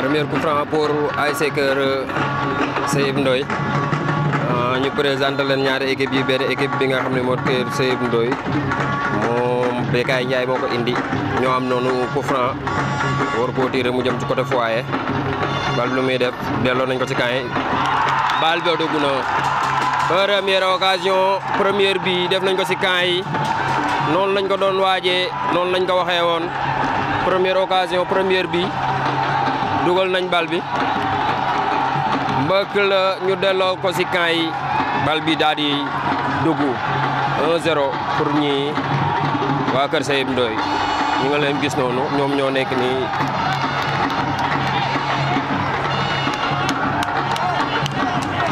premier coup franc pour ASC Kër Seyib Ndoye ñu présenté leen ñaari équipe yi benn équipe bi nga xam ne moo Kër Seyib Ndoye moom Bécaye Ndiaye moo ko indi ñoo am noonu coup franc war koo tiire mu jëm ci côté foyer bal lu muy def delloo nañ ko ci camp yi bal bi dugg na première occasion première bi def nañ ko ci camp yi noonu lañ ko doon waaje noonu lañ ko waxee woon première occasion première bi dugal nañ bal bi mbëkk ñu delloo ko ci camp yi bal bi daal di dugg 1 pour ñi waa Kër Sayib Ndoye ñu nga leen gis nonu ñom ñoo nekk ni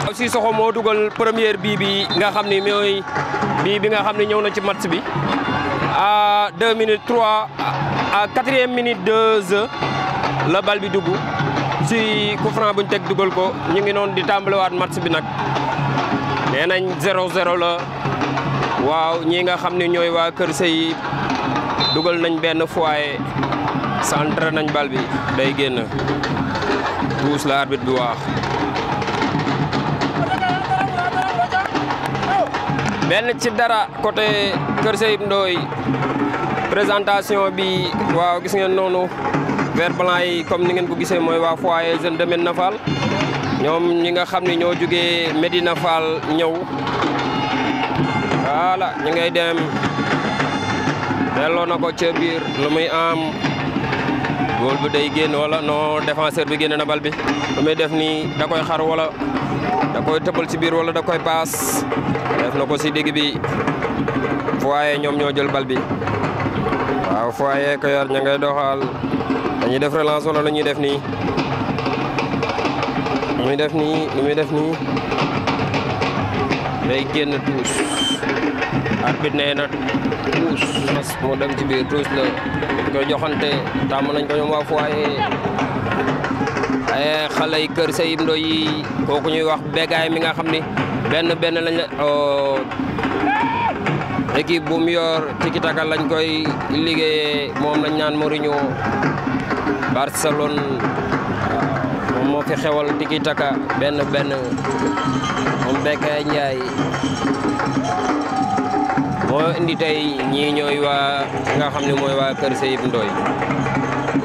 aussi soxo mo dugal première bi bi nga xamni moy bi bi nga xamni ñew na ci match bi à 2 minutes 3 à quatrième minute 2 jeu la balle bi duggu ci coup franc buñ tek dugal ko ñi ngi non di tàmbaliwaat match bi nak nee nañ 0-0 la waaw ñi nga xamni ñoy wa keur Sey dugal nañ benn foyer centré nañ bal bi day génn puus la arbitre bi waax benn ci dara côté Kër Seyib Ndoye présentation bi waaw gis ngeen noonu vert yi comme ni ngeen ko gisee mooy waa foyer jeune de Medina ñoom ñi nga xam ni ñoo jógee Medina Fall ñëw voilà ñu ngay dem delo na ko bir biir am gol bu day génn wala no défenseur bi génn na bal bi lu muy def ni da koy xar wala da koy tëbal ci bir wala da koy paas def na ko si digg bi foyé ñom ñoo jël bal bi waaw foyé ko yor ña doxal dañuy def relance wala ñuy def ni muy def ni lu def ni day tous arbitre mu dem ci biir tuus la ñu joxante tàmm nañ ko ñoom waa Foye ay eh, xale yi kër Sayib Ndoy yi kooku ñuy wax bégaay mi nga xam ni benn benn lañ la oh, équipe bu mu yor tiki lañ koy liggéeyee moom lañ naan Mourinho Barcelone moom moo fi xewal tiki benn benn moom bégaay Njaay moo indi tey ñii ñooy waa nga xam ne mooy waa Kër Seyib Ndoye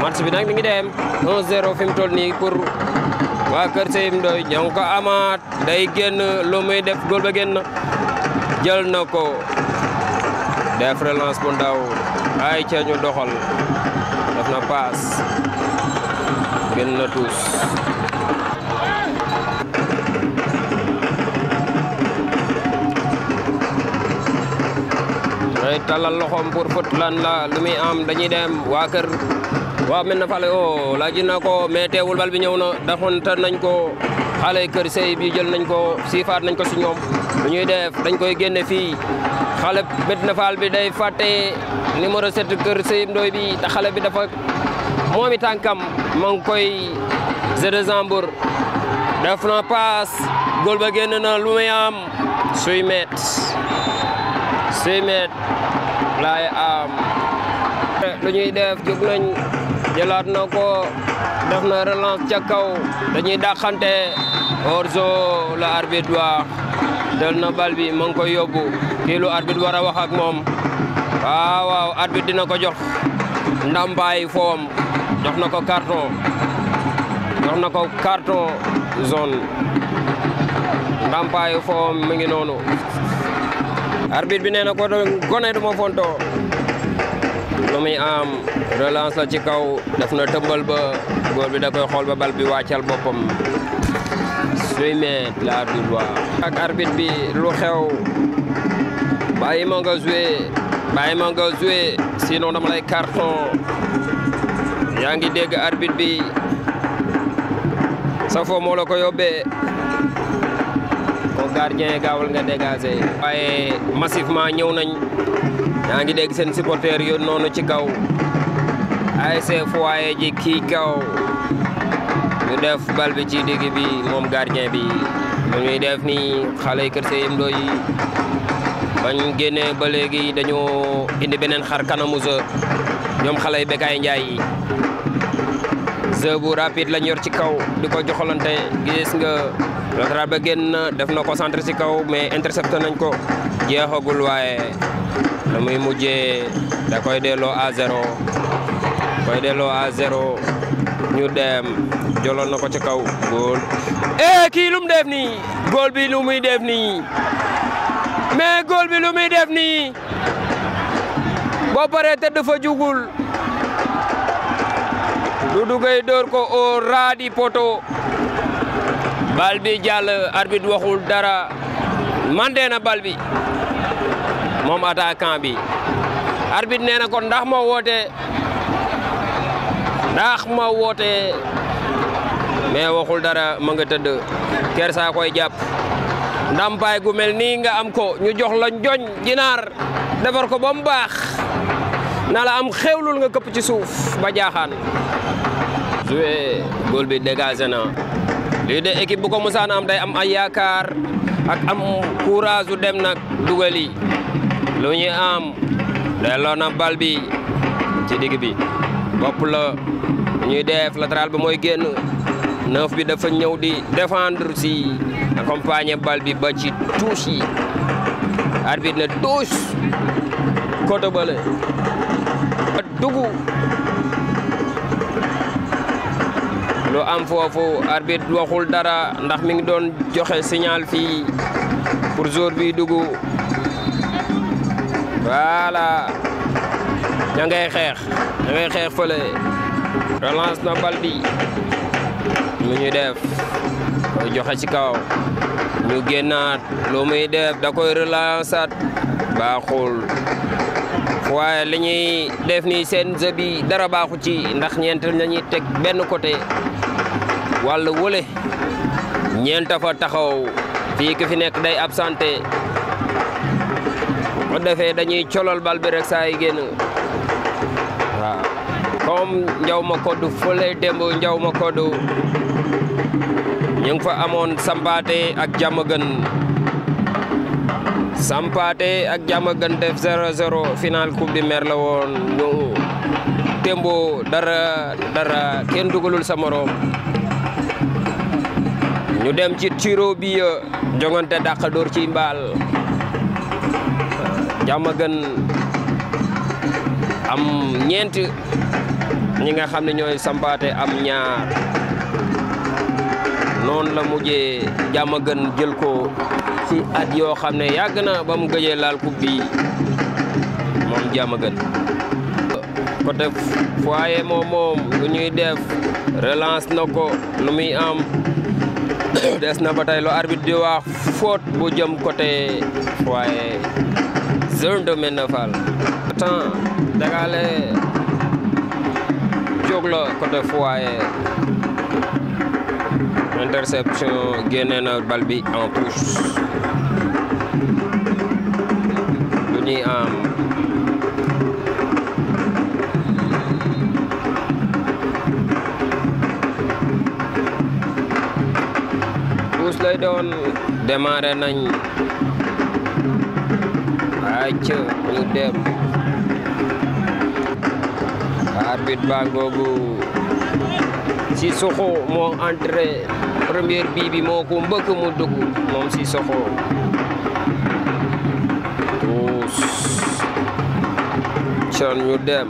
match bi nag mi ngi dem 1-0 fi mu toll nii pour waa Kër Seyib Ndoye ñoo ko amaat day génn lu muy def góol ba génn jël na ko def relance bu ndaw ay ca ñu def na paas génn na tuus mooy tallal loxoom pour fët lan la lu muy am dañuy dem waa kër waa mel na fale o oh, laaj na ko mais teewul bal bi ñëw na ta nañ ko xale kër sey bi jël nañ ko siifaat nañ ko si ñoom lu def dañ koy génne fi xale Médina Fall bi day fàtte numéro 7 kër sey ndoy bi te xale bi dafa moomi tànkam ma ngi koy Zembour def na paas góol ba na lu am suy met suy met laay am lu ñuy def nañ jëlaat na ko def na relance ca kaw dañuy dàqante orzo la arbitre wax del na bal bi ma ngi koy yóbbu kii lu war a waxak ak moom waaw dina ko jox ndàmpaay foom jox na ko carton na ko zone ndàmpaay foom mi noonu Arbit bi neena na ko gone du ma fonto lu am relance la ci kaw def na tëmbal ba gol bi da koy xol ba bal bi waccal bopam suime la du wa ak arbit bi lu xew baye mo nga jouer baye mo nga jouer sinon dama lay carton yaangi deg arbit bi safo mo la ko yobbe gardien gaawal nga dégagé. waaye massivement ñëw nañ yaa ngi dégg seen supporteur yoon noonu ci kaw ASC Foyer ji kii kaw ñu def bal bi ci digg bi moom gardien bi mu ñuy def ni xale kër Seyim Ndoye yi bañ génnee ba léegi dañoo indi beneen xar kanamu jeu ñoom xale yi Bécaye Ndiaye yi jeu bu rapide lañ yor ci kaw di ko joxalante gis nga. latéral ba génn uh, def na ko ci kaw mais intercepté nañ ko jeexagul waaye da muy mujjee da koy koy ñu dem joloon na ci kaw eh kii lu def nii góol bi lu muy def nii mais bi lu muy def Dudu Gueye dóor ko au poteau Balbi jall jàll arbitre waxul dara mandee na balbi mom attaquant bi arbitre nee na kon ndax mo woote ndax mo woote mais waxul dara ma nga teud ker sa koy ndam bay gu mel nga am ko ñu jox la njoñ ginar defar ko bam bax nala am xewlul nga kep ci suuf ba jaaxaan joué bi na lii de équipe bu ko musaan am day am ay yaakaar ak am courage dem nag dugal yi am delloo na bal bi ci digg bi bopp la ñuy def latéral bi mooy génn neuf bi dafa ñëw di défendre si accompagner bal bi ba ci touche yi arbitre ne touche côté bële ba dugg lu am foofu arbitre waxul dara ndax mi ngi doon joxe signal fi pour jour bi dugg voilà ña ngay xeex ña ngay xeex fële relance na bal bi ñu def koy joxe ci kaw ñu génnaat lu muy def da koy relanceat baaxul waaye li ñuy def ni seen jeu bi dara baaxu ci ndax ñeent lañuy teg benn côté walla wële ñeenta fa taxaw fii ka fi nekk day absenté bu defee dañuy colol bal bi rek saa yi génn waaw comme njaw ma koddu fële démb njaw ma koddu ñu fa amoon sampaate ak jàmm gën sampaate ak jàmm gën def 0-0 final coupe du maire la woon ñu témboo dara dara kenn dugalul sa moroom ñu dem ci tiro bi euh, jongante dàq dóor ci mbaal jàmm gën am ñeent ñi nga xam ne ñooy sampaate am ñaar noonu la mujjee jàmm gën jël ko ci at yoo xam ne yàgg na ba mu gëjee lal coupe bi moom jàmm gën côté foyer moom moom lu ñuy def relance na lu muy am des na ba tey lu arbitre di wax faute bu jëm côté waaye zone de Ménéfal temps dagaale jóg la côté foyer interception génne na bal bi en touche lu ñuy am don démarré nañ acca ñu dem arbitre baa ngoogu Sissoko moo entré première bii bi moo ko mbëkk mu dugg mom ci soxo chan ñu dem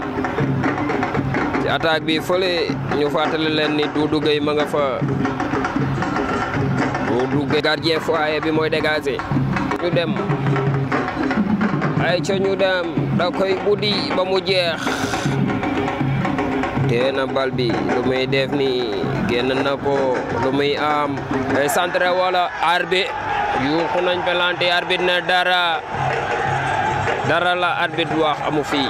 ci attaque bi fële ñu fàttali len ni du Gueye ma nga fa du gardien foyer bi mooy dégager ñu dem ay ca ñu dem da koy uddi ba mu jeex tee na lu muy def ni na ko lu muy am ay centre wala arbitre yuuxu nañ pelanti arbitre ne dara dara la arbitre wax amu fii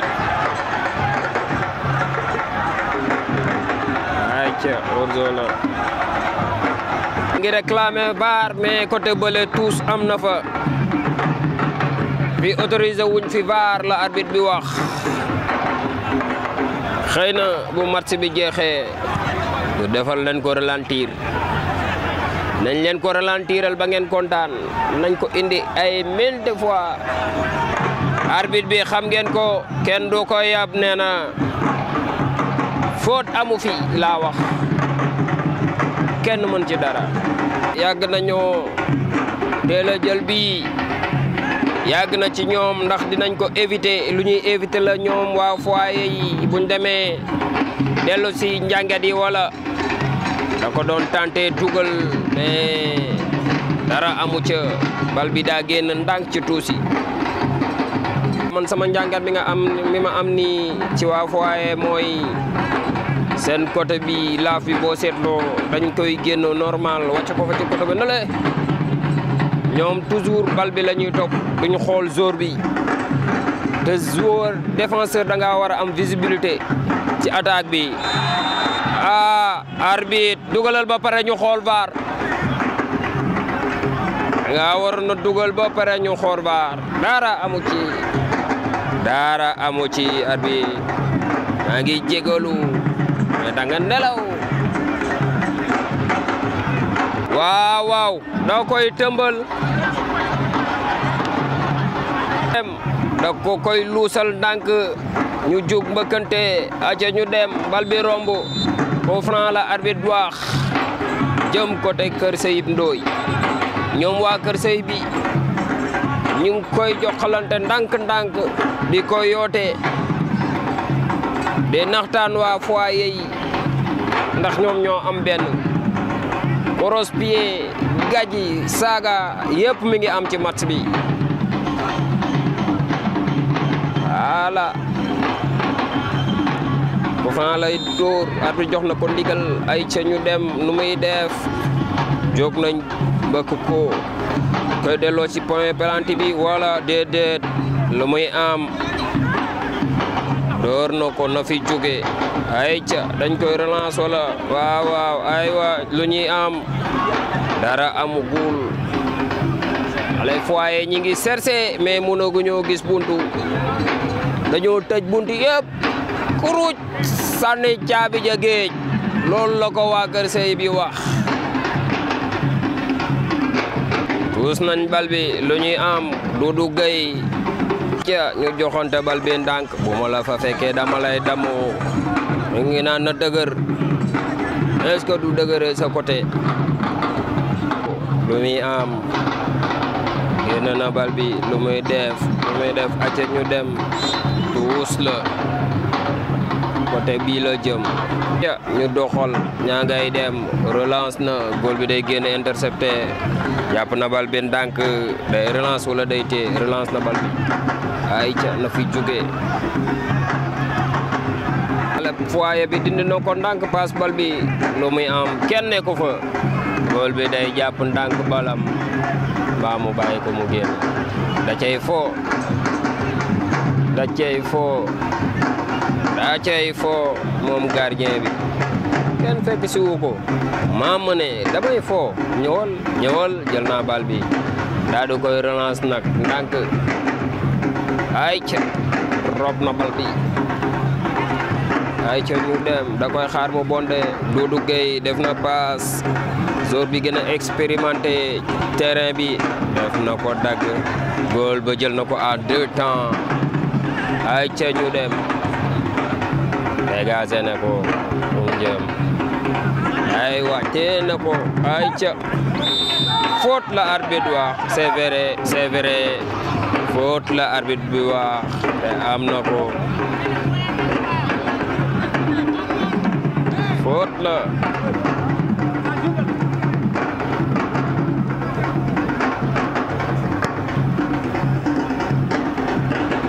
ay ca orzo ngi réclamer VAR mais côté bële tous am na fa bi autorisé wuñ fi VAR la arbitre bi wax xëy na bu match bi jeexee bu defal leen ko ralentir nañ leen ko ralentiral ba ngeen kontaan nañ ko indi ay mille de fois arbitre bi xam ngeen ko kenn doo ko yab nee na faute amu fi laa wax kenn mën ci dara yàgg nañoo teel jël bi yàgg na ci ñoom ndax dinañ ko éviter lu ñuy éviter la ñoom waa foyer yi buñ demee dellu si njàngat yi wala da ko doon tenté dugal mais dara amu ca bal bi daa génn ndànk ci tuusi man sama njàngat bi nga am mi ma am nii ci waa foyer mooy seen côté bi laaf bi boo seetloo dañ koy génn normal wàcc ko fa ci côté ba nale ñoom toujours bal bi la ñuy topp duñu xool joueur bi te joueur défenseur da ngaa war a am visibilité ci attaque bi ah arbitre dugalal ba pare ñu xool vaar da ngaa waroon a dugal ba pare ñu xool vaar daara amu ci daara amu ci arbitre maa ngi jégalu dengan nelo wow wow đó à coi tumble em đó cô coi lusal đang cứ ñu jug mbëkkante aca ñu dem bal bi romb au franc la arbitre bi wax jëm côté Kër Sayib Ndooy ñoom waa Kër Sëy bi ñu ngi koy joxalante ndànk-ndànk di ko yootee de naxtaan waa foyer yi ndax ñoom ñoo am benn Robespierre gaji saaga yépp mi ngi am ci match bi voilà bu fan dóor at jox na ko ndigal ay ca ñu dem nu muy def jóg nañ bëgg ko koy delloo ci point penalty bi wala déedéet lu muy am dóor na ko na fi jóge ca dañ koy relance wala waaw waaw wa lu ñuy am dara amugul les foyer ñi ngi sercé mais ñoo gis buntu dañu tej buntu yëpp kuruj sànni caabi ja géej loolu la ko wa kër sey bi wax tous nañ bal lu ñuy am dudugai gay ca ñu joxonté bal bi ndank bu la fa féké dama lay damo mi ngi naan na dëgër est-ce que du dëgëree sa côté lu muy am génn na bal bi lu muy def lu muy def acca ñu dem tuus la côté bii la jëm ya ñu doxal ñaa ngay dem relance na góol bi day génn intercepté jàpp na bal bi ndànk day relance wala day téye relance na bal bi ay ca na fi jóge foyer bi dindi na ko ndànk paas bal bi lu am kenn ko fa gol bi day japp ndank balam ba mu baye ko mu génn da cey fo da cey fo da cey fo mom gardien bi kenn fekk ci wuko ko maa ne damay foo ñewol jël bal bi da di koy relance nak ndank ay ci rob na bal bi ay ca ñu dem da xaar mu bonde Doudou Gueye def na paas jour bi gën a expérimenté terrain bi def na ko dagg góol ba jël na ko à deux temps ay ca ñu dem dégagé na ko mu ay waatee na ko ay ca faute la arbitre wax c'est vrai c'est la arbitre bi wax te am na ko la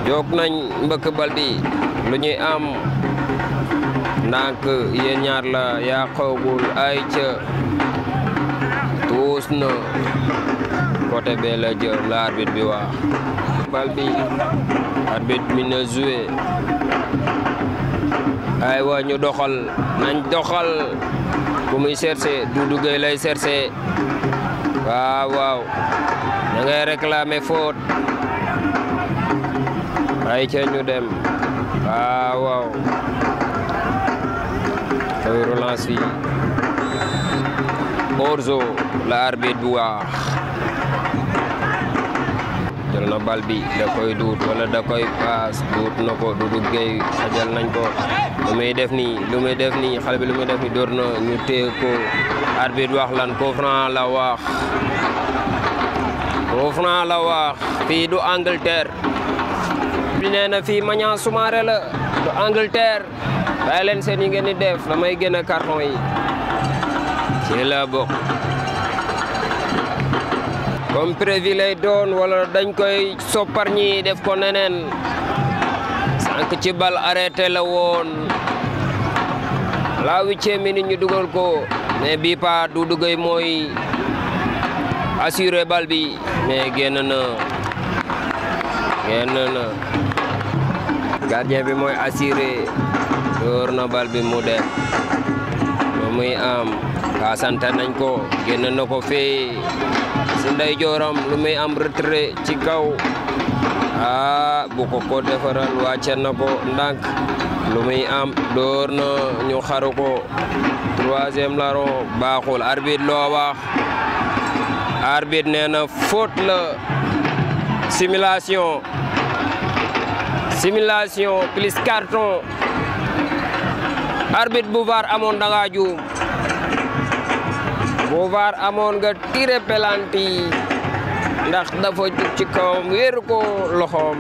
jóg nañ mbëkk bal bi lu ñuy am ndànk yéen ñaar la yaa xawgul ay ca tuus na côté bee la jëm la arbitre bi wax bal bi arbitre bi na joué ay wa ñu doxal nañ doxal bu muy cherché du Gueye lay cherché waaw waaw da ngay réclamer faute ay ci ñu dem waaw waaw koy relance yi Orzo la arbitre bi wax jël na bal bi da koy duut wala da koy dud duut na ko Doudou xajal nañ ko lumay def ni lumay def ni xale bi lumay def ni dorna ñu té ko arbitre wax lan ko franc la wax ko franc la wax fi du Angleterre bi neena fi maña Maniang la du Angleterre bay leen seen yi ngeen di def damay gëna carton yi ci la bok comme prévu lay doon wala dañ koy soppar ñi def ko neneen sànq ci bal arrêté la la huitième minute ñu duggal ko mais bi pa du duggay moy assurer bal bi mais genn na genn na gardien bi moy assurer door na bal bi mu dem mo muy am santé nañ ko genn ah, na ko fee su ndey joram lu muy am retrait ci kaw ah bu ko ko defaral wacce na ko lu muy am door na ñu xaru ko troisième larron baaxul arbitre loo wax arbitre nee la simulation plus carton arbitre bu VAR amoon da juum bu amoon nga tiré pelanti ndax dafa jug ci kawam wéeru ko loxoom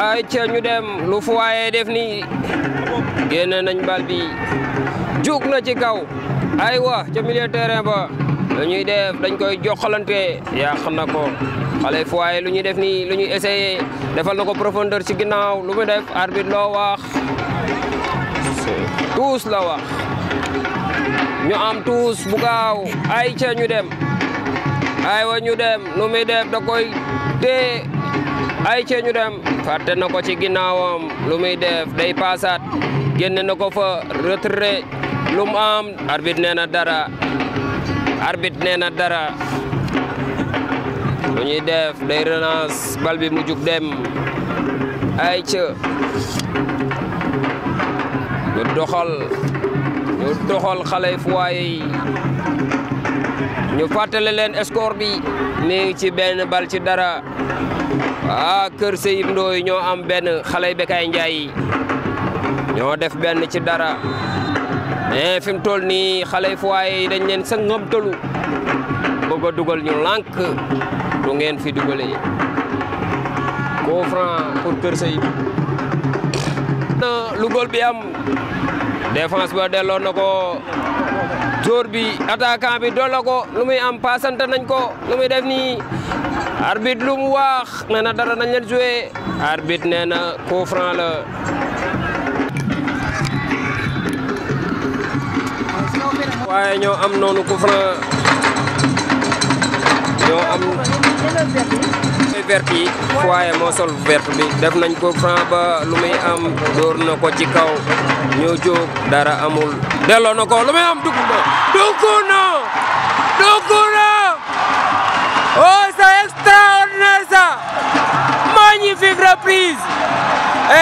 ay ca ñu dem lu fu waaye def ni génne nañ bal bi na ci kaw aywa ca milieu terrain ba lu ñuy def dañ koy joxalante yàq na ko xale fu lu ñuy def nii lu ñuy essayé defal na ko profondeur ci ginnaaw lu muy def arbitre loo wax tuus la wax ñu am tuus bu gaaw ay ca ñu dem aywa ñu dem lu muy def da koy tee ay cee ñu dem fàtte na ko ci ginnaawam lu muy def day pasat génn na ko fa retiré lu mu am arbitre nee na dara arbitre nee na dara lu ñuy def day relance bal bi mu dem ay ca ñu doxal ñu doxal xale fu waaye yi ñu fàttale leen score mi ci benn bal ci dara waa ah, kër Seyib Ndoye ñoo am benn xale yi Bécaye Ndiaye yi ñoo def benn ci dara mais eh, fi mu toll nii xale dañ leen sa ngëmtalu bëgg dugal ñu lànk du ngeen fi dugalee koo franc pour kër Seyib na lu gol bi am défense ba delloo na ko joor bi attaquant bi dolla ko lu muy am passante nañ ko lu muy def nii arbitre lu mu wax nee na dara nañ leen joué arbitre nee na coup la waaye ñoo am noonu coup franc ñoo am vert yi waaye moo vert bi def nañ ko ba lu muy am dóor na ko ci kaw ñu jóg dara amul delloo na ko lu muy am dugg na Oh, c'est extraordinaire ça Magnifique reprise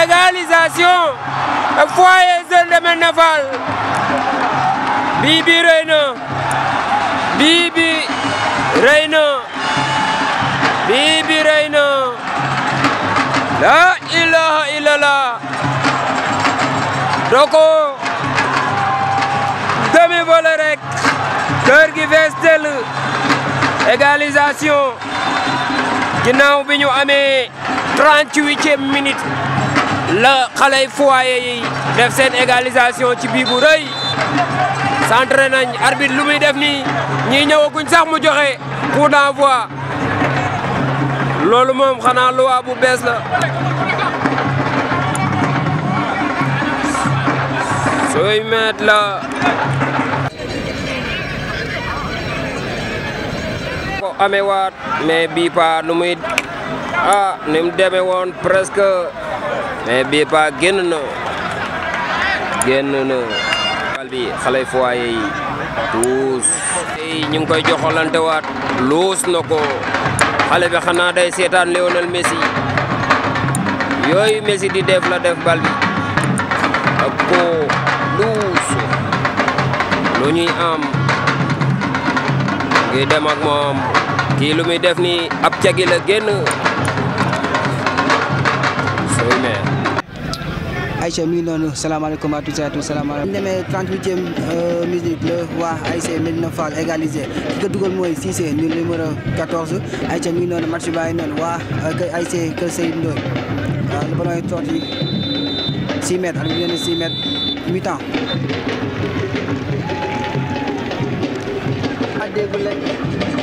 Égalisation Foyer zone de Meneval Bibi Reino Bibi Reino Bibi Reino La ilaha illallah Doko demi volerek rek Vestel égalisation ginnaaw bi ñu amee 38e minute Le xaley foyer yi def seen égalisation ci bii bu rëy centré nañ arbitre lu muy def nii ñii ñëwaguñ sax mu joxe coup d'envoi loolu moom xanaa loi bu bees la sooy met la amewaat mais bii paa nu muy ah ni mu demee woon presque mais bii paa génn na génn na bal bi xale ñu ngi koy joxolante waat luus na ko xale bi xanaa day seetaan Lionel Messi yooyu Messi di def la def bal bi ko luus lu ñuy am ngi dem moom kii lu muy def ni ab cagi la génn sooy mee Aïcha mi ngi noonu salaamaaleykum à tous et à tous salaamaaleykum. bu ñu demee 38e euh, minute la waa ASC Médina Fall égalisé ki ko dugal mooy Cissé ñu numéro 14 Aïcha mi noonu match baa ngi noonu waa ASC Kër Seydou Ndoye waaw le ballon est sorti 6 mètres ak yeneen 6 mètres 8 ans. ah dégg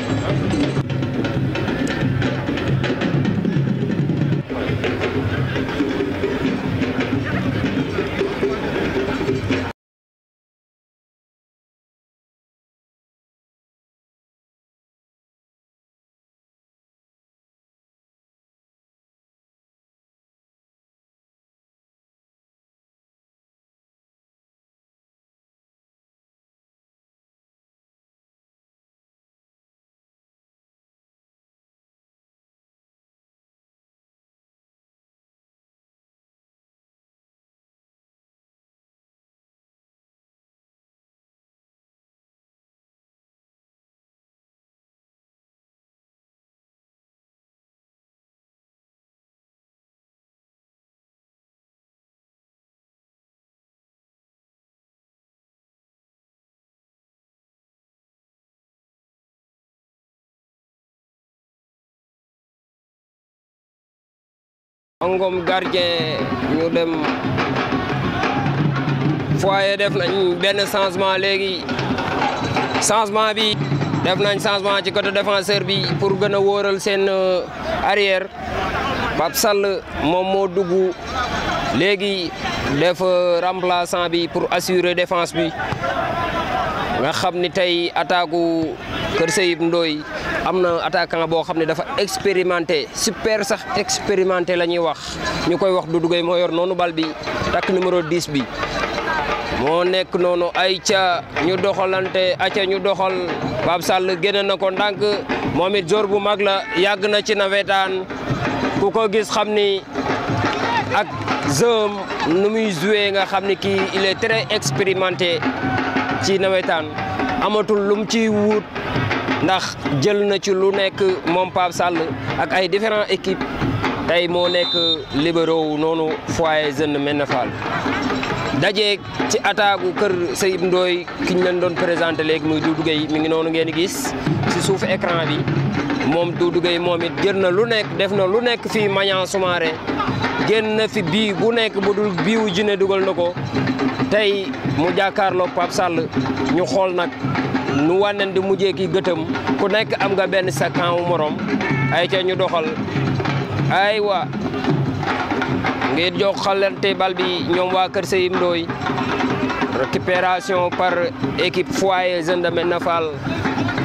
Ngom gardien ñu dem foyer def nañ benn changement léegi changement bi def nañ changement ci côté défenseur bi pour gën a wóoral seen euh, arrière Pape Sall moom moo dugg léegi def euh, remplaçant bi pour assurer défense bi nga xam ni tey attaque Kër Sayib Ndoy am na attaquant boo xam ne dafa expérimenté super sax expérimenté la ñuy wax ñu koy wax Doudou Gueye moo yor noonu bal bi takk numéro 10 bi moo nekk noonu ay ca ñu doxalante aca ñu doxal Pape Sall génne na ko ndànk moom it joor bu mag la yàgg na ci nawetaan ku ko gis xam ni ak zëm nu muy joué nga xam ni kii il est très expérimenté ci nawetaan amatul lum ci wut ndax jël na ci lu nekk moom Pape Sall ak ay différents équipes tey moo nekk libéraux noonu foyer jeune Médina Fall daje ci attaque kër Sayib ndooy ki ñu leen doon présenté léegi muy Doudou Gueye mi ngi noonu ngeen gis ci suuf écran bi moom Doudou Gueye moom it jël na lu nekk def na lu nekk fii Maniang Soumaré génn na fi bii bu nekk bu dul biiwu jine dugal na ko tey mu jàkkaarloog Pape Sall ñu xool nag nu wànnen di mujjé ki gëtëm ku nekk am nga ben sa morom ay ca ñu doxal wa ngir jox xalante bal bi ñom wa Kër seyim doy récupération par équipe foyer zendame nafal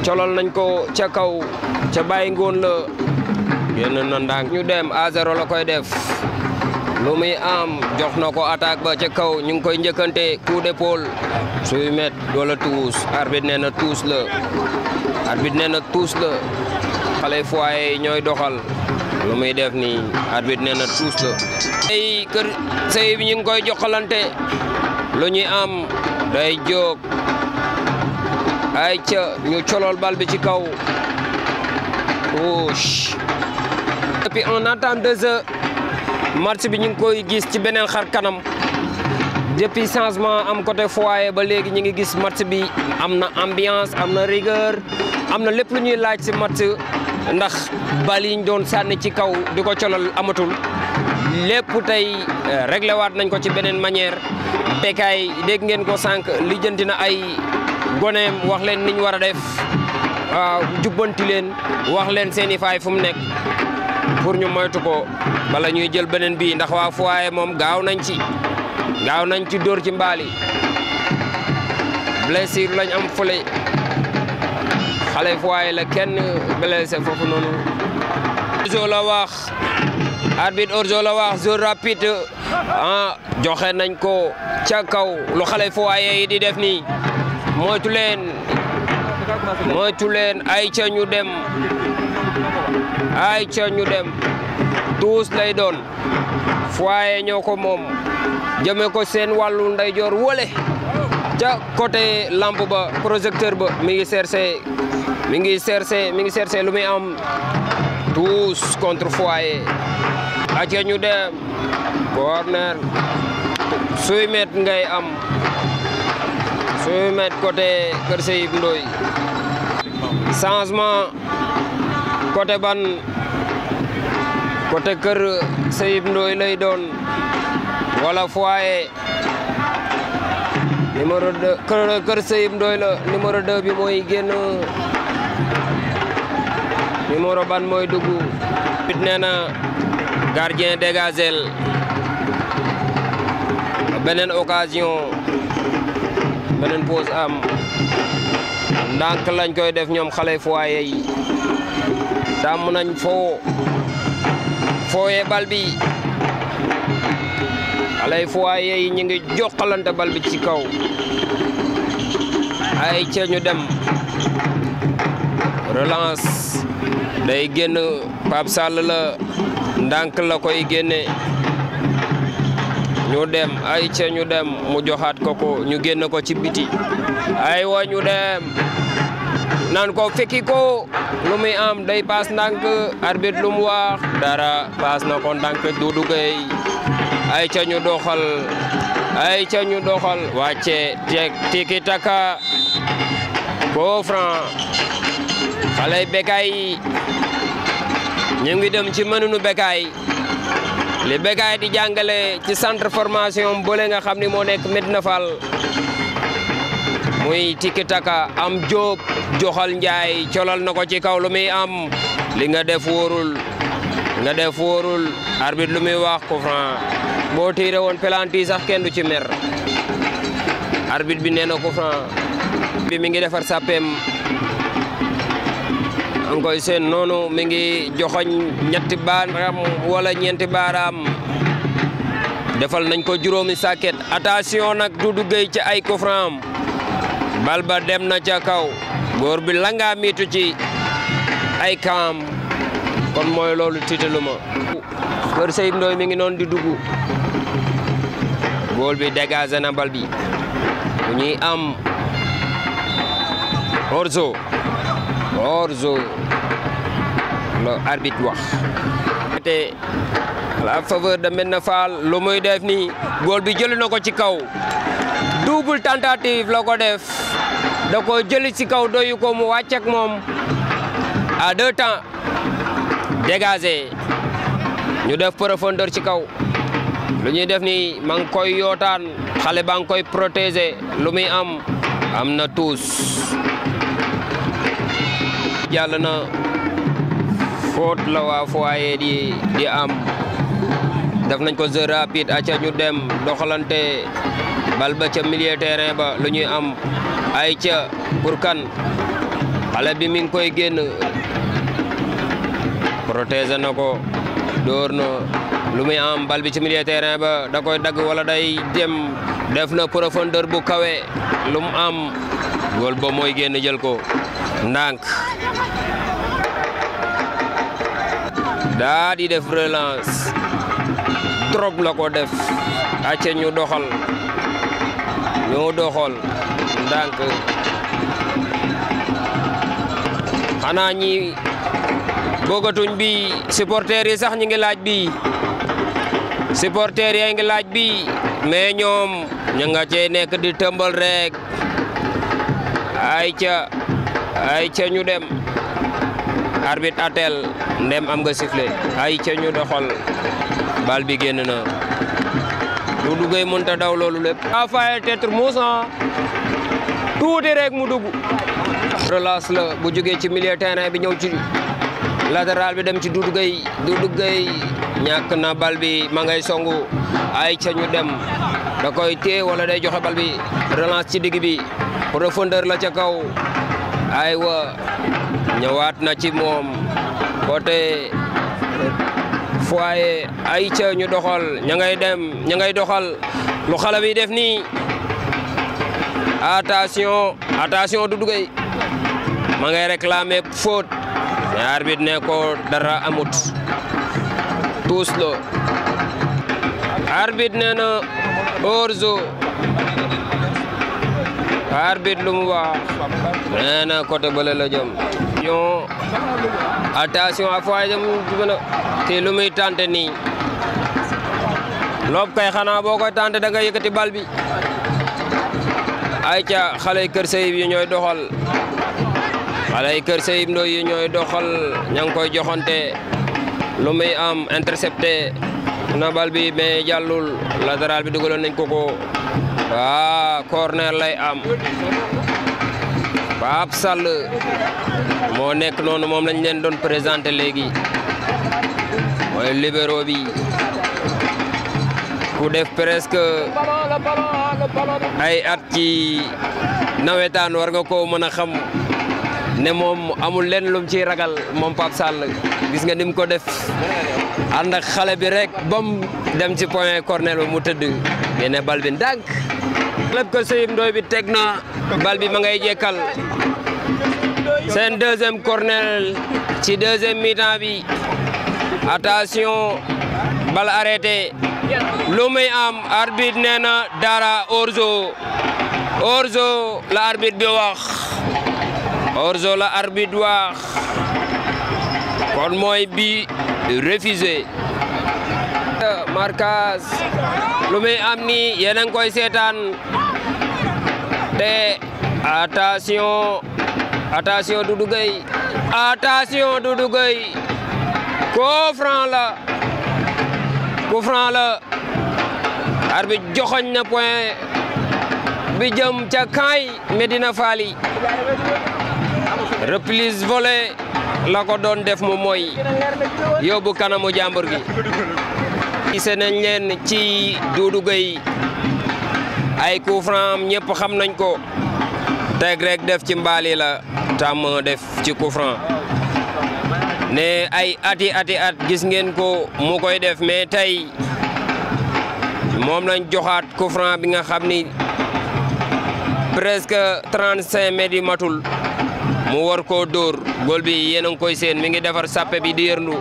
colol nañ ko ca kaw ca bàyyi ngon la ñu dem la koy def lu muy am jox na ko attaque ba ca kaw ñu ngi koy njëkkante coup d'épaule suy met wala tuus arbitre nee na tuus la arbitre nee na tuus la xale foyer ñooy doxal lu muy def nii arbitre nee na tuus la ay kër sëy bi ñu ngi koy joxalante lu ñuy am day jook ay ca ñu colol bal bi ci kaw tuus et puis on entame match bi ñu ngi koy gis ci beneen xar kanam depuis changement am côté foyer ba léegi ñu ngi gis match bi am na ambiance am na rigueur am na lépp lu ñuy laaj si match ndax bal yi doon sànni ci kaw di ko colal amatul lépp tey euh, réglé waat nañ ko ci beneen manière Bécaye dégg ngeen ko sànq lijjanti na ay goneem wax leen niñ war a def jubbanti leen wax leen seen i faay fu mu nekk pour ñu moytu ko bala ñuy jël beneen bii ndax waa Foyer moom gaaw nañ ci gaaw nañ ci dóor ci mbaali blessure lañ am fule xale Foyer la kenn blessé foofu noonu orzo la wax arbitre orzo la wax jour rapide ah, joxe nañ ko ca kaw lu xale Foyer yi di def nii moytu leen moytu leen ay ca ñu dem ay ca ñu dem duus lay doon foyer ñoo ko moom jëme ko seen wàllu ndeyjoor wële ca côté lampe ba projecteur ba mi ngi cherché mi ngi cherché mi ngi cherché lu muy am duus contre foyer ay ca ñu dem corner suy met ngay am suy met côté Kër Seyib Ndoy changement côté ban côté kër Sayib Ndoy lay doon wala foyer numéro 2 kër kër Sayib Ndoy mooy ban mooy dugg pit nee na gardien dégazel beneen occasion beneen pause am ndànk lañ koy def ñoom xale foyer yi nañ foo fooyee bal bi alay fooyee yi ñu ngi jokkalante bal bi ci kaw ay ca dem relance day génn Pape Sall la ndànk la koy génne ñu dem ay ca dem mu joxaat ko ko ñu génn ko ci biti ay wa ñu dem naan ko fekki ko lu muy am day paas ndànk arbitre lu mu wax dara paas na ko ndànk Doudou Gueye ay ca ñu doxal ay ca ñu doxal wàcce tiki taka Beau Franc xaley Bécaye ñu ngi dem ci mënunu Bécaye li Bécaye di jàngale ci centre formation boole nga xam ni moo nekk Medina Fall muy tiki taka am jóob joxal njaay colal na ko ci kaw lu muy am li nga def wóorul nga def wóorul arbitre lu muy wax coup boo tiire woon pelanti sax kenn du ci mer arbitre bi nee na coup bi mi ngi defar sàppeem nga koy seen noonu mi ngi joxañ ñetti baaraam wala ñeenti baaraam defal nañ ko juróomi sàkket attention nag du duggee ci ay coup bal ba dem na ca kaw góor bi langaa miitu ci ay kaam kon mooy loolu tiitalu ma kër Seyib Ndoy mi ngi noonu di dugg góor bi dégagé na bal bi bu ñuy am orzo orzo la arbitre wax te la faveur de Medina Fall lu muy def nii góor bi jëli ko ci kaw double tentative la ko def da ko jëli ci kaw doyu ko mu wàcc moom à deux temps dégagé ñu def profondeur ci kaw lu ñuy def ni ma koy yootaan xale ba ngi koy protégé lu muy am am na tuus jàll na faute la waa foyer di di am def nañ ko jeu rapide aca ñu dem doxalante bal ba ca milieu terrain ba lu ñuy am ay ca pour kan xale bi mi ngi koy génn protéger na ko dóor lu muy am bal bi ci milieu terrain ba da koy dagg wala day dem def na profondeur bu kawe lu mu am góol ba mooy génn jël ko ndànk daa def relance trop la ko def acce ñu doxal ñoo doxal ndànk xanaa ñi boogatuñ bi supporters yi sax ñi ngi laaj bi supporters yi ngi laaj bi mais ñoom ñu nga cey nekk di tëmbal rek ay ca ay ca ñu dem arbitre atel ndem am nga sifflé ay ca ñu doxal bal bi génn na bu duggee daw loolu lépp. daa fay tête Moussa ah. tuuti rek mu dugg. relance la bu jógee ci milieu terrain bi ñëw ci latéral bi dem ci Doudou Gueye na bal bi ma ngay songu ay ca ñu dem da koy téye wala day joxe bal bi relance ci digg bi profondeur la ca kaw aywa ñëwaat na ci moom côté. foyer ay ca ñu ngay dem ña ngay doxal lu bi def nii attention attention Doudou Gueye ma ngay réclamer faute ne ko dara amut tuus lo nee na orzo arbitre lu mu wax nee na côté bële la jëm. attention a fo jam jubana te lu muy tànte nii loob xanaa boo ko tànte da nga yëkkati bal bi ay ca xale kër sayib yi ñooy doxal xale kër sayib ndoy yi ñooy doxal ña ngi koy joxante lu muy am intercepté na bal bi mais jàllul bi dugaloon nañ ko ko waa corner lay am Pape Sall moo nekk noonu moom lañ leen doon présenté léegi mooy libéro bi ku def presque ay at ci nawetaan war nga ko mën a xam ne moom amul leen lum ciy ragal moom Pape Sall gis nga ni ko def ànd xale bi rek bam dem ci point corner ba mu tëdd génne bal bi ndànk club Kër Serigne Ndoye bi teg na bal bi ma ngay jekkal seen deuxième corner ci deuxième mi bi attention bal arrêté lu muy am arbitre nee na dara orzo orzo la arbitre bi wax orzo la arbitre wax kon mooy bi refusé marquage lu muy am ni yéen koy seetaan te attention attention Doudou Gueye attention Doudou Gueye coup franc la coup franc la arbitre bi joxoñ na point bi jëm ca kaay Medina Fally reprise volée la ko doon def mu mooy yóbbu kanamu jàmbur gi gise nañ leen ci Doudou ay coup ñepp xam nañ ko teg rek def ci mbali la tam def ci coup né ay ati ati at gis ngeen ko mu koy def mais tay mom lañ joxat coup bi nga xam ni presque 35 mètres yi matul mu war ko dor gol bi yeen ngi koy seen mi ngi defar sàppe bi di yernu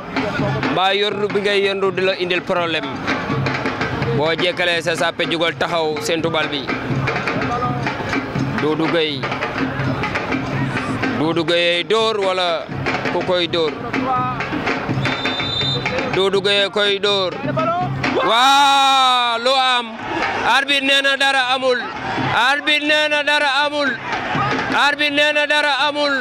ba yernu bi ngay yërndu dila indil problème boo jekkalee sa sàppe taxaw seentu bal bi Doudou Gueye Doudou dóor wala ku koy dóor Doudou Gueye koy dóor waa lu am arbitre nee na dara amul arbitre nee na dara amul ar bi na na dara amul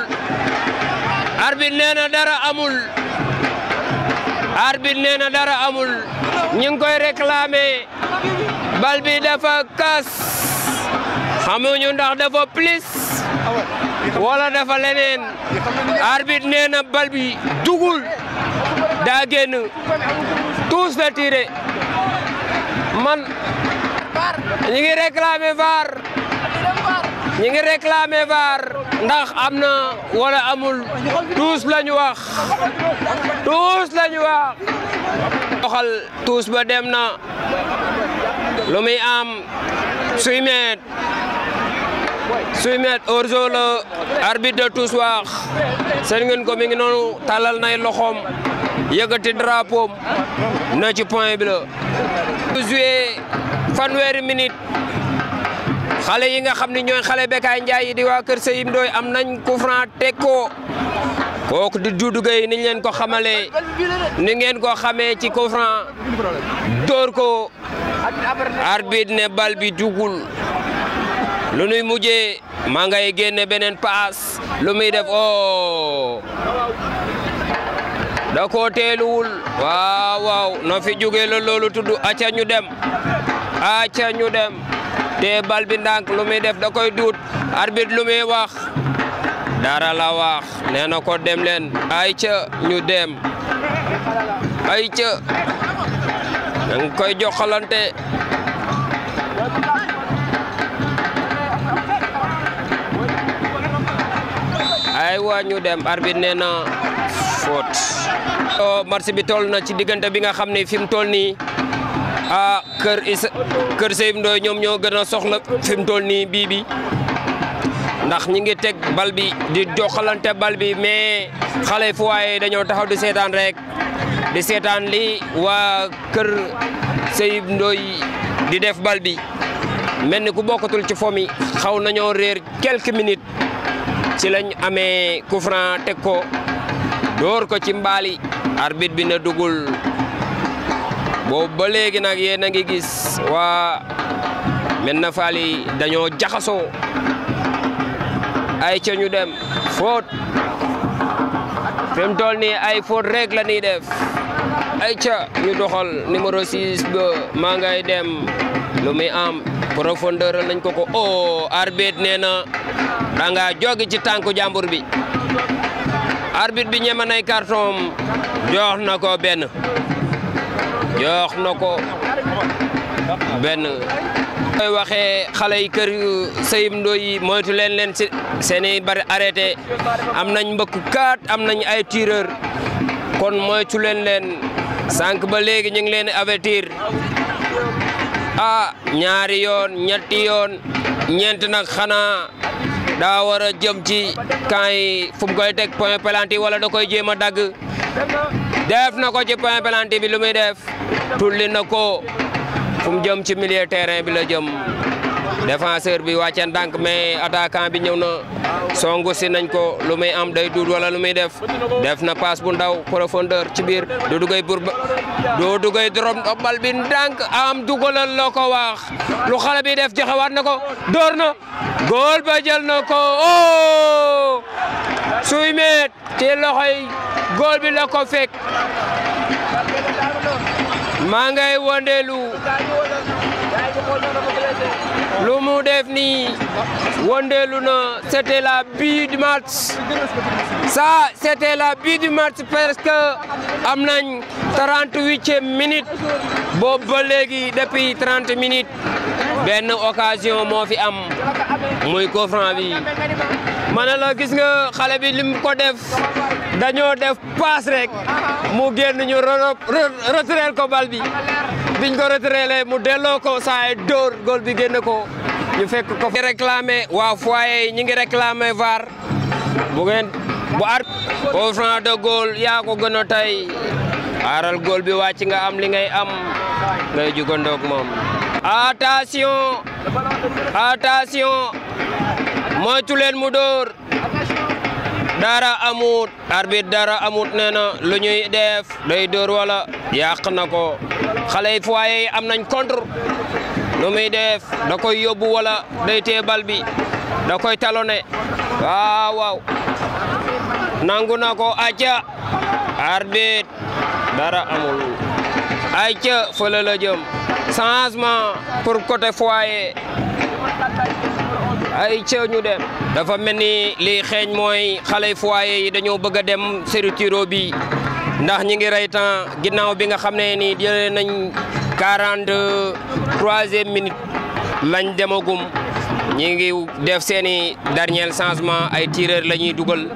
arbitre dara amul ñing koy réclamer bal bi dafa kas xamuñu ndax dafa plus wala dafa lenen, arbitre neena bal bi dugul da genn tous la tirer man ñi ngi réclamer VAR ñi ngi réclamer VAR ndax am na wala amul tuus la ñu wax tuus la wax doxal tuus ba dem na lu muy am suy met suy met orzo la arbitre de tuus wax seen ngeen ko mi ngi noonu tàllal nay loxoom yëkkati drapeau na ci point bi la fanweeri minute xalé yi nga xamni ñoy xalé xale ndjay di wa Kër seyim doy am nañ ko franc teko kok di Doudou gay niñ leen ko xamalé ni ngeen ko xamé ci ko franc dor ko arbitre ne bal bi dugul lu nuy mujjé ma ngay génné benen pass lu muy def oh da ko téluul waaw waaw no fi juggé ñu dem acca ñu dem te bal bi ndànk lu muy def da koy duut arbitre lu muy wax dara la wax nee na ko dem leen ay ca ñu dem ay ca danga koy joxalante ay waa ñu dem arbitre nee na faute oh, match bi toll na ci diggante bi nga xam ne fi mu tol nii ah kër Issa kër Seyib Ndoye ñoom ñoo gën a soxla fi mu toll nii bii bi ndax ñi ngi teg bal bi di joxalante bal bi mais xale fu waaye dañoo taxaw di seetaan rek di seetaan li waa kër Seyib Ndoye di def bal bi mel ni ku bokkatul ci fomi mi xaw nañoo réer quelques minutes ci lañ amee coup teg ko door ko ci mbaali arbitre bi na dugul Bo ba léegi nag yéen ngi gis wa Médina Fall yi dañoo jaxasoo ay ci ñu dem fóot fi tol ni ay fóot rek la ni def ay ci ñu doxal numero 6 go ma ngay dem lu mi am profondeur lañ ko ko oh arbitre neena da nga jogi ci tanku jambour bi arbitre bi ñema nay carton jox nako ben jox na ko benn koy waxee xale yi kër Sayib Ndoye moytu leen leen si seen i bari arrêté am nañ mbëkk kaat am nañ ay tireur kon moytu leen leen sànq ba léegi ñu ngi leen avertir ah ñaari yoon ñetti yoon ñeent nag xanaa daa war a jëm ci camp yi fu mu koy teg point planti wala da koy jéem a dagg def na ko ci point penalty bi lu muy def tulli na ko fu mu jëm ci milieu terrain bi la jëm défenseur bi wàcce ndànk mais attaquant bi ñëw na songu si nañ ko lu muy am day duut wala lu muy def def na passe bu ndaw profondeur ci biir Doudou Gueye bur bi ndànk am dugalal la ko wax lu xale bi def joxewaat na ko door na góol ba na ko oh suy meet ci loxoy góol bi la ko fekk maa ngay wondeelu lu mu def nii wëndeelu na c'était la bille du match ça c'était la bille di match parce am nañ trente-huitième minute boobu ba léegi depuis trente minutes benn occasion moo fi am muy coup franc bi ma ne la gis nga xale bi lim ko def dañoo def paas rek mu génn ñu retraire ko bal bi biñ ko retiré mu delloo ko saa dóor góol bi génn ko ñu fekk ko. ñu ngi réclamé waa foyer ñu ngi réclamé VAR bu ngeen bu ar. au franc de góol yaa ko gën a tey góol bi wàcc nga am li ngay am ngay jugandoog moom. attention attention leen mu dóor dara amut arbitre dara amut nee na lu ñuy def day dóor wala yàq na ko. xale yi yi am nañ contre nu muy def da koy yóbbu wala day tee bal bi da koy talone waaw waaw nangu na ko acca arbitre dara amul acca fële la jëm changement pour côté foyer ay ca ñu dem dafa mel ni li xeeñ mooy xale foyer yi dañoo bëgg a dem serrituro bi ndax ñi ngi rey temps ginnaaw bi nga xam ne nii jëlee nañ quarante troisième minute lañ demagum ñi ngi def seen i dernier changement ay tireur la ñuy dugal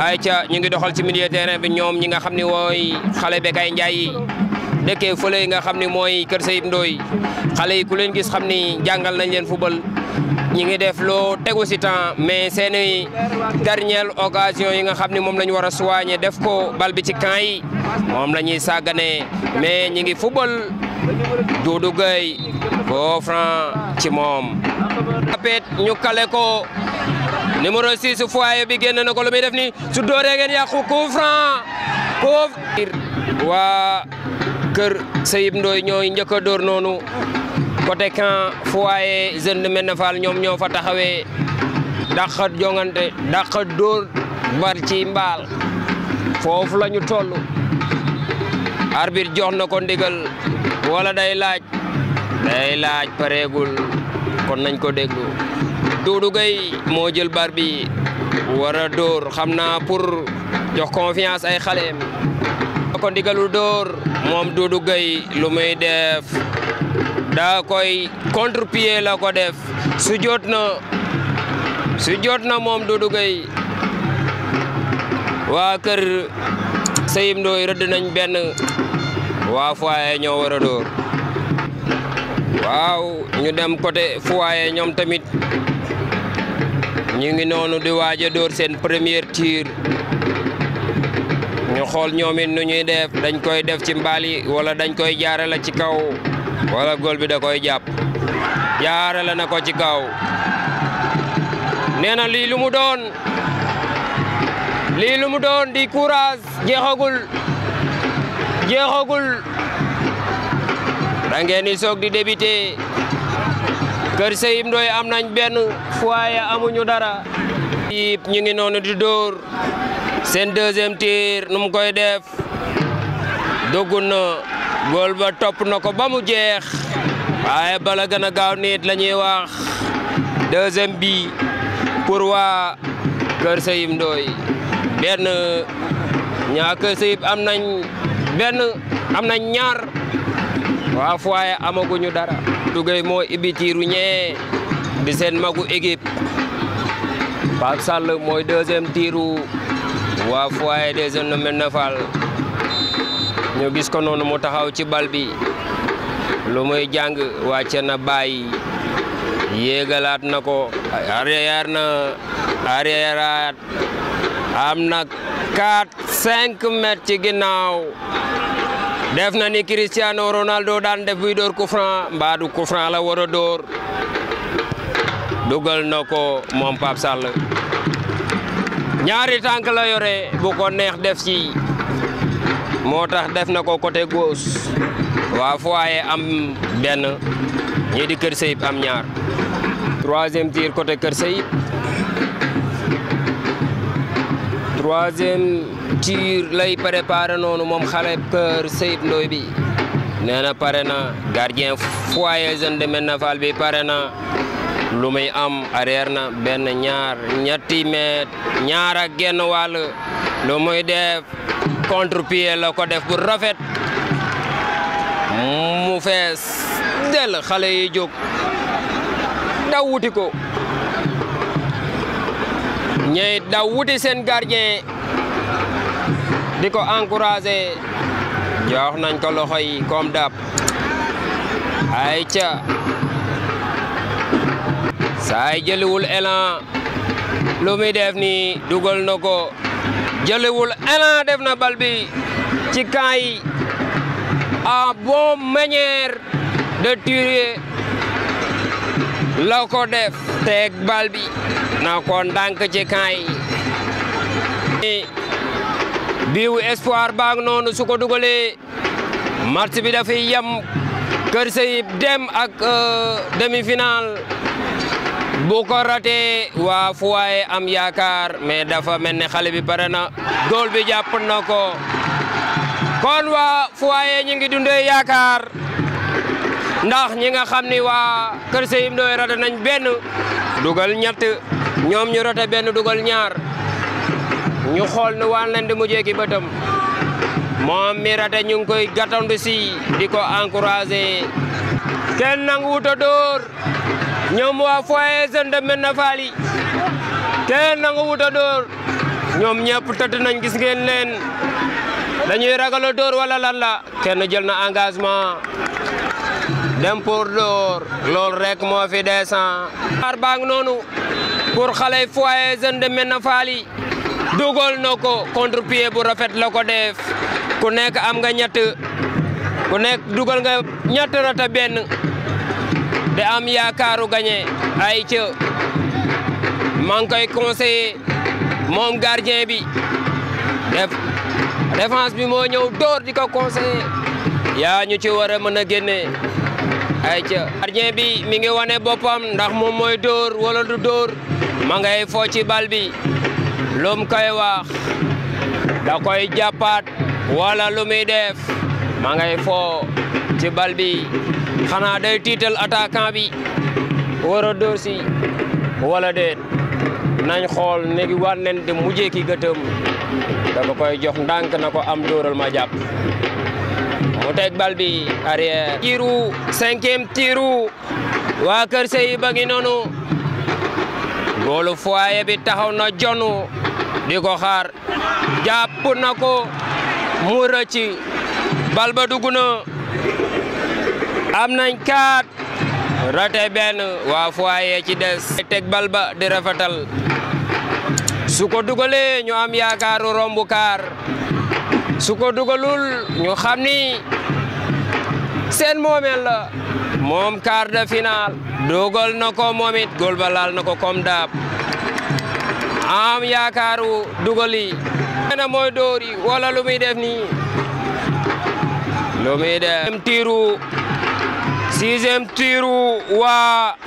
ay ca ñu ngi doxal ci milieu terrain bi ñoom ñi nga xam ni mooy xale Bécaye Ndiaye yi dëkkee fële nga xam ni mooy Kër Sayib Ndoy xale yi ku leen gis xam ni jàngal nañ leen football ñi ngi def loo tegu si temps mais seeni dernière occasion yi nga xam ne moom lañu ñu war a soigné def ko bal bi ci camp yi moom lañuy ñuy sàgganee mais ñi ngi football Doudou Gueye boo franc ci moom apet ñu kale ko numéro 6 foyer bi génn na ko la muy def ni su dooree ngeen yàqu coup franc coup waa kër Seyib Ndoy ñooy njëkk door noonu côté camp foyer jeune de Ménéfal ñoom ñoo fa taxawe dàq jongante dàq dóor bar ci mbaal foofu la ñu toll arbitre jox na ko ndigal wala day laaj day laaj pareegul kon nañ ko déglu Doudou Gueye moo jël bar bi war xam naa pour jox confiance ay xaleem ko ndigalu dóor moom Doudou Gueye lu da koy contre pied la ko def su jot na su jot na moom Doudou Gueye waa kër Seyim Ndoye rëdd nañ benn waa Foyer ñoo war a dóor waaw ñu dem côté Foyer ñoom tamit ñu ngi noonu di waaj a dóor seen premier tir ñu xool ñoom it nu ñuy def dañ koy def ci yi wala dañ koy jaarale ci kaw wala gol bi da koy jàpp jaarale na ko ci kaw nee na lii lu mu doon lii lu mu doon di courage jeexagul jeexagul da ngeen ni soog di débuté Kër Seyib Ndoye am nañ benn waaye amuñu dara yip ñu ngi noonu di dóor seen deuxième tir nu koy def dugg na bool ba topp na ko ba mu jeex waaye bala gën a gaaw nit lañuy ñuy wax deuxième bi pour waa Kër Sayib Ndooy benn ñaa Kër Sayib am nañ benn am nañ ñaar waa amaguñu dara. Dugay moo ibi tiiru ñee di seen magu équipe Pape Sall mooy deuxième tiiru waa Foye des jeunes na mel ñu gis ko noonu mu taxaw ci bal bi lu muy jàng wàcce na bàyyi yéegalaat na ko arrière na arrièreat am na 4 5 ci ginnaaw def na ni Cristiano Ronaldo daan def buy dóor coup franc mbaa du coup la war a dóor dugal na ko moom Pape ñaari tànk la yore bu ko neex def ci moo tax def na ko côté gauche waa foyer am benn ñii di Kër Seyib am ñaar troisième tir côté Kër Seyib troisième tir lay préparé noonu moom xale Kër Seyib Ndoy bi nee na pare na gardien foyer jeune de Médina bi pare na lu muy am arrière na benn ñaar ñetti mètre ñaar ak genn wàll lu muy def contre pied la ko def bu rafet mu fees del xale yi jóg daw wuti ko ñey daw seen gardien di ko encouragé jox nañ ko loxo yi comme dab ay ca saay jëliwul élan lu muy def nii dugal na ko jëlewul élan def na bal bi ci kay a bon manière de tirer la def teeg bal bi na ko ndank ci kay biu espoir baag noonu su ko dugalé match bi dafay yem Kër Sayib dem ak eh, demi-finale bu ko ratee waa Foyer am yaakaar mais dafa mel ne xale bi pare na góol bi jàpp na ko kon waa fu Foyer ñu ngi dundee yaakaar ndax ñi nga xam ni waa Kër Seyim Ndoye rate nañ benn dugal ñett ñoom ñu rate benn dugal ñaar ñu xool nu waan leen di mujjee ki bëtam moom mi rate ñu ngi koy gàttandu si di ko encouragé kenn nangu wut dóor ñom wa foyer zende men na fali kenn nangu wut a dóor ñoom ñëpp tëdd nañ gis ngeen len dañuy ragalo dor wala lan la kenn jël na engagement dem pour dor lol rek mo fi desan ah. par bang nonu pour xalé foyer zende men na fali dugol na contre pied bu rafet lako def ku nek am nga ñett ku nek dugal nga ñett rata ben De am yaakaaru gagné ay ci mang koy gardien bi def défense bi mo ñew door di conseiller ya ya ñu ci wara mëna mën ay ci gardien bi mi ngi wane bopam, ndax mom moy door wala du door ma ngay fo ci bal bi lum koy wax da koy jappat wala lu mi def ma ngay fo ci bal bi xanaa day tiital attaquant bi war a dóor si nañ xool negi wan leen di mujjee ki gëtëm da koy jox ndànk na ko am dóoral ma jàpp mu teg bal bi arrière tiiru cinquième tiiru waa kër sey ba ngi noonu góolu foyer bi taxaw na jonu di ko xaar jàpp na ko mu rëcc bal ba am nañ kaat rate benn waa foyer ci des teg bal di rafetal su ko dugalee ñu am yaakaaru rombu kaar su ko dugalul ñu xam ni seen moomeel la moom quart de finale dogal na ko moom it góol na ko comme daab am yaakaaru dugali na mooy dóori wala lu muy def sixième tiiru waa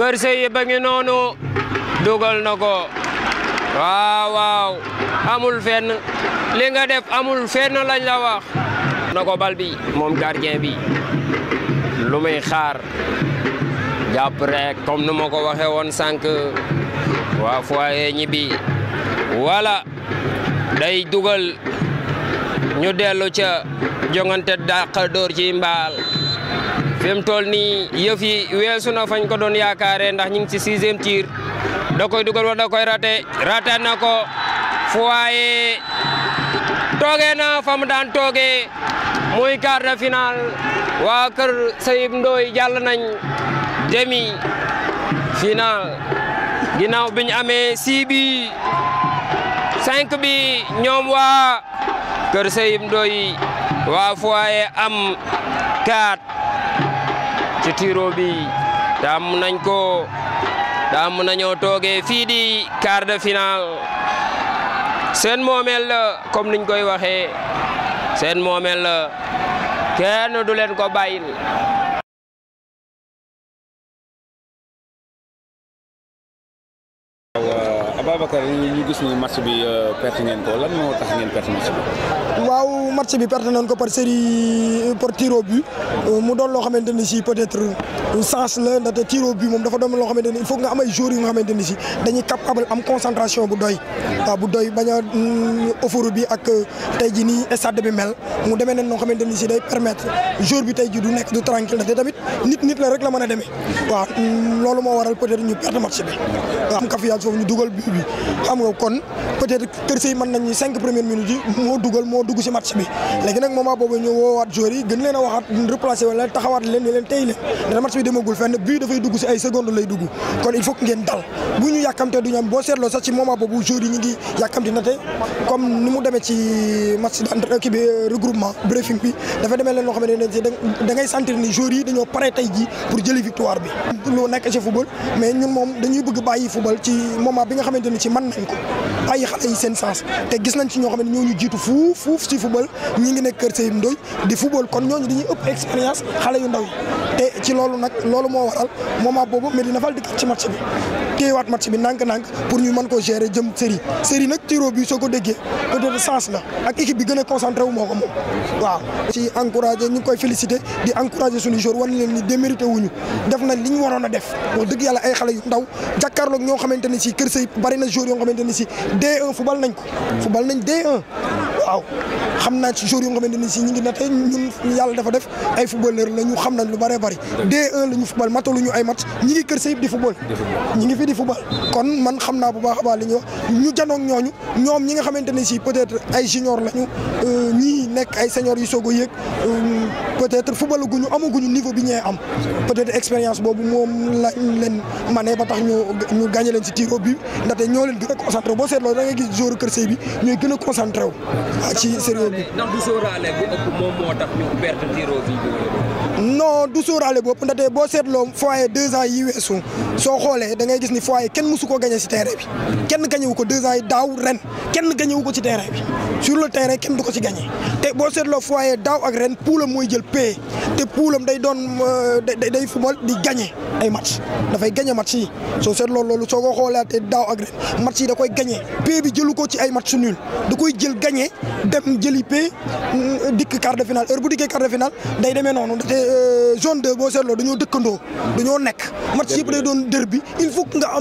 Kër Seye ba dugal na ko waaw waaw amul fenn li nga def amul fenn lañ la wax na ko bal bi moom gardien bi lu muy xaar jàpp rek comme nu ma ko waxee woon sànq waa foyer ñibbi wala day dugal ñu dellu ca jongante dàq dóor ci mbaal fi mu toll nii yëf weesu na fañ ko doon yaakaare ndax ñu ngi ci sixième tir da koy dugal wala da koy na ko waaye toogee na fa mu daan toogee muy quart de finale waa kër Sayib Ndoy jàll nañ demi finale ginnaaw bi ñu amee six bi cinq bi ñoom waa. Kër doy Ndoye waa am 4 ci tiro bi tàmm nañ ko tàmm nañoo toogee fii di quart de finale seen moomeel la comme niñ koy waxee seen moomeel kenn du leen ko bàyyil Babacar ñu gis ni match bi euh, perte ngeen ko lan moo tax ngeen perte match bi waaw match bi perte nañ ko par série par tir au but euh, mu doon loo xamante ni peut être euh, sens la ndaxte tir au but moom dafa doon loo xamante il faut nga am ay joueurs yu nga xamante ni si dañuy capable am concentration bu doy waaw bu doy bañ a mm, offre bi ak tey ji nii stade bi mel mu demee nañ noo xamante ni si day permettre jour bi tey ji du nekk du tranquille ndaxte tamit nit nit la rek la mën a demee waaw mm, loolu waral peut être ñu perte match bi am kafiyaat foofu ñu dugal but bi xam nga kon peut-être keur sey man nañu 5 premier minutes mo duggal mo moo dugg ci match bi legui nak moment bobu ñu woowat joueur yi gën leena waxat waxaat replacer wala taxawat leen leen tey le dara match bi demagul fenn da fay dugg ci ay seconde lay dugg kon il faut ngeen dal bu ñu yàkkamte duñu am boo seetloo sax ci moment bobu joueur yi ñi ngi yakamti na tey comme ni mu demee ci match d'entre kii bi euh, regroupement briefing bi fa demee leen loo xam ne da ngay sentir ni joueur yi dañoo paré tay ji pour jëli victoire bi lu nekk ci football mais ñun mom dañuy bëgg bayyi football ci moment bi nga xamante ni ci mën nañ ko ay xale yi seen sens te gis nañ ci ñoo xam ne ñoo ñu jiitu fuuf fuuf si football ñi ngi nekk Kër Seyib Ndoy di football kon ñooñu dañuy ëpp expérience xale yu ndaw yi te ci loolu nag loolu moo waral moment boobu Medina Fall dikkat ci match bi téyewaat match bi nànk-nànk pour ñu man koo gérer jëm série série nag tiro bi soo ko déggee peut-être sens la ak équipe bi gën a concentré wu moo ko moom waaw ci encouragé ñu ngi koy félicité di encouragé suñu joueur wan leen ni démérité wuñu def nañ li ñu waroon yu ndaw bëri na joueurs yoo xamante ni si D1 football nañ ko football nañ D1 waaw xam naa ci joueurs yoo xamante ni si ñu ngi na tey yàlla dafa def ay footballeur la ñu xam nañ lu bëree bari D1 la ñu football matalu ñu ay match ñi ngi kër sa yëpp di football ñi ngi fi di football kon man xam naa bu baax a baax li ñuy wax ñu janoog ñooñu ñoom ñi nga xamante ne si peut-être ay junior lañu euh, ñi nekk ay senior yu soog yëg yéeg euh, peut-être football amaguñu niveau bi ñee am peut-être expérience boobu moom tax ñu ñu ñoo leen gën a concentré boo seetloo da ngay gis jour kër sëy ñooy gën a concentré wu. ci sérieux bi non du sóoraale bopp ndaxte boo seetloo foyer deux ans yi weesu soo xoolee da ngay gis ni foyer kenn mësu ko gagné si terrain bi kenn gañewu ko deux ans yi daaw ren kenn gañewu ko ci terrain bi sur le terrain kenn du ko ci gagné te boo seetloo foyer daaw ak ren poulam mooy jël paie te poulam day doon euh, day day football di gagné ay match dafay gagné match yi soo seetloo loolu soo ko xoolee daaw ak ren match yi da koy gagné paie bi jëlu ko ci ay match nul da koy jël gagné dem jëli paie mm, dikk quart de finale heure bu dikkee quart de finale day demee noonu Euh, de 2 boo seetloo dañoo dëkkandoo dañoo nekk match yëpp day doon derby il faut nga am